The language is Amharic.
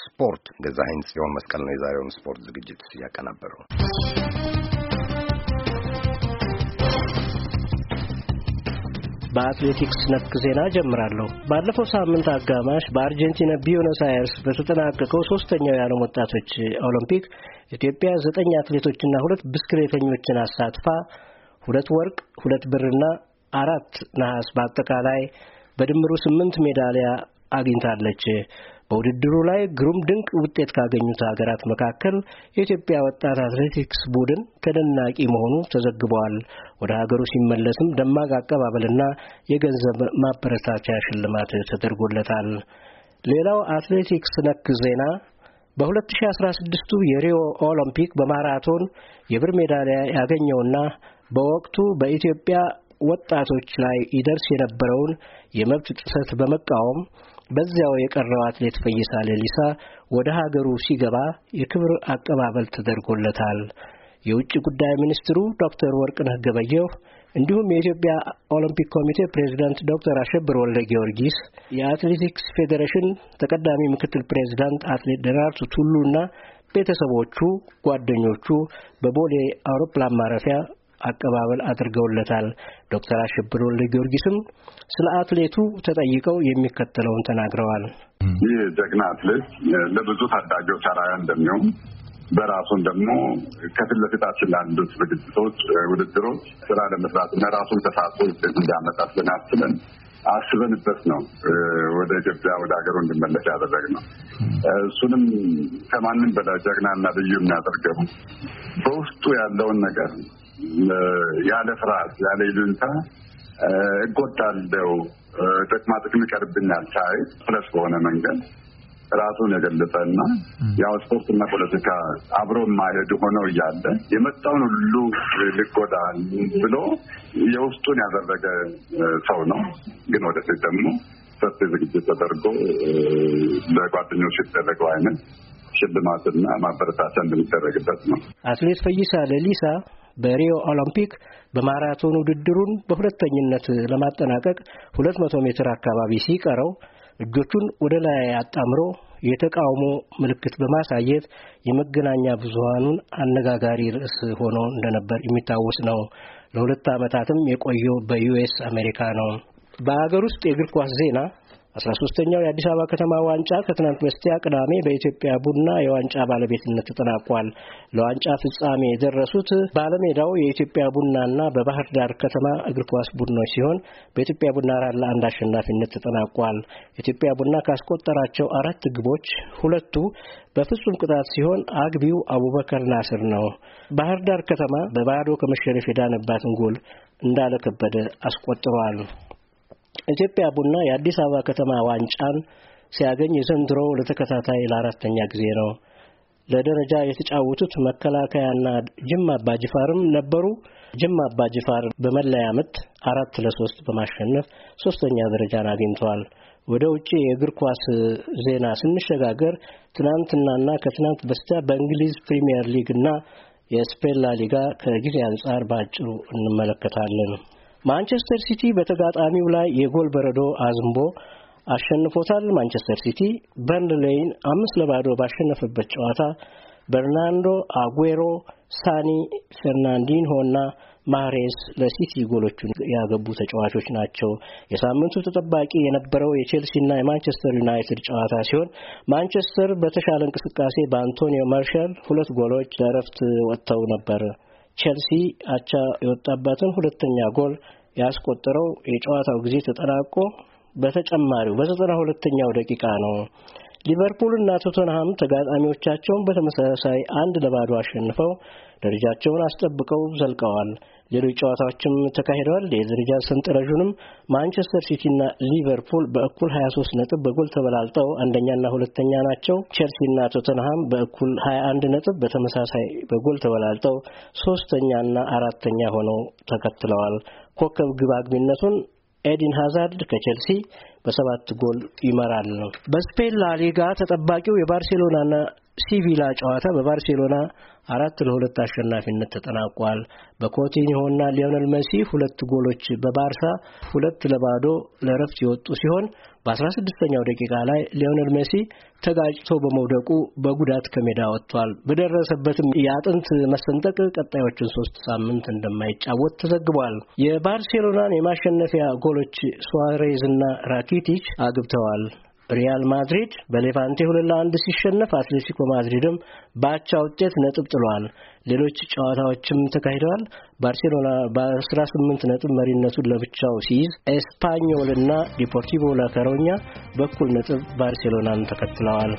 ስፖርት ገዛኸኝ ጽዮን መስቀል ነው የዛሬውን ስፖርት ዝግጅት እያቀናበሩ በአትሌቲክስ ነክ ዜና ጀምራለሁ። ባለፈው ሳምንት አጋማሽ በአርጀንቲና ቢዩኖስ አይርስ በተጠናቀቀው ሶስተኛው የዓለም ወጣቶች ኦሎምፒክ ኢትዮጵያ ዘጠኝ አትሌቶችና ሁለት ብስክሌተኞችን አሳትፋ ሁለት ወርቅ፣ ሁለት ብርና አራት ነሐስ በአጠቃላይ በድምሩ ስምንት ሜዳሊያ አግኝታለች። በውድድሩ ላይ ግሩም ድንቅ ውጤት ካገኙት ሀገራት መካከል የኢትዮጵያ ወጣት አትሌቲክስ ቡድን ተደናቂ መሆኑ ተዘግበዋል። ወደ ሀገሩ ሲመለስም ደማቅ አቀባበልና የገንዘብ ማበረታቻ ሽልማት ተደርጎለታል። ሌላው አትሌቲክስ ነክ ዜና በ2016ቱ የሪዮ ኦሎምፒክ በማራቶን የብር ሜዳሊያ ያገኘውና በወቅቱ በኢትዮጵያ ወጣቶች ላይ ይደርስ የነበረውን የመብት ጥሰት በመቃወም በዚያው የቀረው አትሌት ፈይሳ ሌሊሳ ወደ ሀገሩ ሲገባ የክብር አቀባበል ተደርጎለታል። የውጭ ጉዳይ ሚኒስትሩ ዶክተር ወርቅነህ ገበየሁ እንዲሁም የኢትዮጵያ ኦሎምፒክ ኮሚቴ ፕሬዚዳንት ዶክተር አሸብር ወልደ ጊዮርጊስ፣ የአትሌቲክስ ፌዴሬሽን ተቀዳሚ ምክትል ፕሬዚዳንት አትሌት ደራርቱ ቱሉና ቤተሰቦቹ፣ ጓደኞቹ በቦሌ አውሮፕላን ማረፊያ አቀባበል አድርገውለታል። ዶክተር አሸብር ወልደ ጊዮርጊስም ስለ አትሌቱ ተጠይቀው የሚከተለውን ተናግረዋል። ይህ ጀግና አትሌት ለብዙ ታዳጊዎች አርአያ እንደሚሆን በራሱን ደግሞ ከፊት ለፊታችን ላሉት ዝግጅቶች፣ ውድድሮች ስራ ለመስራት እና ራሱን ተሳትፎ ውጤት እንዲያመጣ ስለናስበን አስበንበት ነው ወደ ኢትዮጵያ ወደ ሀገሩ ያደረግ ነው። እሱንም ከማንም በላይ ጀግናና ልዩ የሚያደርገው በውስጡ ያለውን ነገር ያለ ፍርሃት ያለ ይሉንታ እጎዳለው ጥቅማ ጥቅም ይቀርብኛል ሳይ ፕለስ በሆነ መንገድ ራሱን የገለጸና ያው ስፖርትና ፖለቲካ አብሮ የማይሄዱ ሆነው እያለ የመጣውን ሁሉ ልጎዳ ብሎ የውስጡን ያደረገ ሰው ነው። ግን ወደፊት ደግሞ ሰፊ ዝግጅት ተደርጎ ለጓደኞች የተደረገው አይነት ሽልማትና ማበረታቻ እንደሚደረግበት ነው። አትሌት ፈይሳ ለሊሳ በሪዮ ኦሎምፒክ በማራቶን ውድድሩን በሁለተኝነት ለማጠናቀቅ 200 ሜትር አካባቢ ሲቀረው እጆቹን ወደ ላይ አጣምሮ የተቃውሞ ምልክት በማሳየት የመገናኛ ብዙሃኑን አነጋጋሪ ርዕስ ሆኖ እንደነበር የሚታወስ ነው። ለሁለት ዓመታትም የቆየው በዩኤስ አሜሪካ ነው። በአገር ውስጥ የእግር ኳስ ዜና አስራ ሶስተኛው የአዲስ አበባ ከተማ ዋንጫ ከትናንት በስቲያ ቅዳሜ በኢትዮጵያ ቡና የዋንጫ ባለቤትነት ተጠናቋል። ለዋንጫ ፍጻሜ የደረሱት ባለሜዳው የኢትዮጵያ ቡናና በባህር ዳር ከተማ እግር ኳስ ቡድኖች ሲሆን በኢትዮጵያ ቡና አራት ለአንድ አሸናፊነት ተጠናቋል። ኢትዮጵያ ቡና ካስቆጠራቸው አራት ግቦች ሁለቱ በፍጹም ቅጣት ሲሆን አግቢው አቡበከር ናስር ነው። ባህር ዳር ከተማ በባዶ ከመሸነፍ የዳነባትን ጎል እንዳለ ከበደ አስቆጥሯል። ኢትዮጵያ ቡና የአዲስ አበባ ከተማ ዋንጫን ሲያገኝ የዘንድሮ ለተከታታይ ለአራተኛ ጊዜ ነው። ለደረጃ የተጫወቱት መከላከያና ጅማ አባጅፋርም ነበሩ። ጅማ አባጅፋር በመለያ ምት አራት ለሶስት በማሸነፍ ሶስተኛ ደረጃን አግኝተዋል። ወደ ውጭ የእግር ኳስ ዜና ስንሸጋገር ትናንትናና ከትናንት በስቲያ በእንግሊዝ ፕሪምየር ሊግ እና የስፔን ላሊጋ ከጊዜ አንጻር በአጭሩ እንመለከታለን። ማንቸስተር ሲቲ በተጋጣሚው ላይ የጎል በረዶ አዝንቦ አሸንፎታል። ማንቸስተር ሲቲ በርንሌይን አምስት ለባዶ ባሸነፈበት ጨዋታ በርናንዶ አጉዌሮ፣ ሳኒ፣ ፌርናንዲንሆ እና ማሬስ ለሲቲ ጎሎቹን ያገቡ ተጫዋቾች ናቸው። የሳምንቱ ተጠባቂ የነበረው የቼልሲና የማንቸስተር ዩናይትድ ጨዋታ ሲሆን ማንቸስተር በተሻለ እንቅስቃሴ በአንቶኒዮ ማርሻል ሁለት ጎሎች ለእረፍት ወጥተው ነበር። ቼልሲ አቻ የወጣባትን ሁለተኛ ጎል ያስቆጠረው የጨዋታው ጊዜ ተጠናቆ በተጨማሪው በዘጠና ሁለተኛው ደቂቃ ነው። እና ቶተንሃም ተጋጣሚዎቻቸውን በተመሳሳይ አንድ ለባዶ አሸንፈው ደረጃቸውን አስጠብቀው ዘልቀዋል። ሌሎች ጨዋታዎችም ተካሂደዋል። የደረጃ ሰንጠረዡንም ማንቸስተር ሲቲና ሊቨርፑል በእኩል 23 ነጥብ በጎል ተበላልጠው አንደኛና ሁለተኛ ናቸው። እና ቶተንሃም በእኩል 21 ነጥብ በተመሳሳይ በጎል ተበላልጠው ሶስተኛና አራተኛ ሆነው ተከትለዋል። ኮከብ ግብ አግቢነቱን ኤዲን ሃዛርድ ከቸልሲ በሰባት ጎል ይመራል። በስፔን ላሊጋ ተጠባቂው የባርሴሎናና ሲቪላ ጨዋታ በባርሴሎና አራት ለሁለት አሸናፊነት ተጠናቋል። በኮቲኒሆና ሊዮነል መሲ ሁለት ጎሎች በባርሳ ሁለት ለባዶ ለረፍት የወጡ ሲሆን በ16ኛው ደቂቃ ላይ ሊዮነል መሲ ተጋጭቶ በመውደቁ በጉዳት ከሜዳ ወጥቷል። በደረሰበትም የአጥንት መሰንጠቅ ቀጣዮችን ሶስት ሳምንት እንደማይጫወት ተዘግቧል። የባርሴሎናን የማሸነፊያ ጎሎች ሱዋሬዝና ራኪቲች አግብተዋል። ሪያል ማድሪድ በሌቫንቴ ሁለት ለአንድ ሲሸነፍ አትሌቲኮ ማድሪድም በአቻ ውጤት ነጥብ ጥሏል። ሌሎች ጨዋታዎችም ተካሂደዋል። ባርሴሎና በአስራ ስምንት ነጥብ መሪነቱን ለብቻው ሲይዝ ኤስፓኞልና ዲፖርቲቮ ላከሮኛ በኩል ነጥብ ባርሴሎናን ተከትለዋል።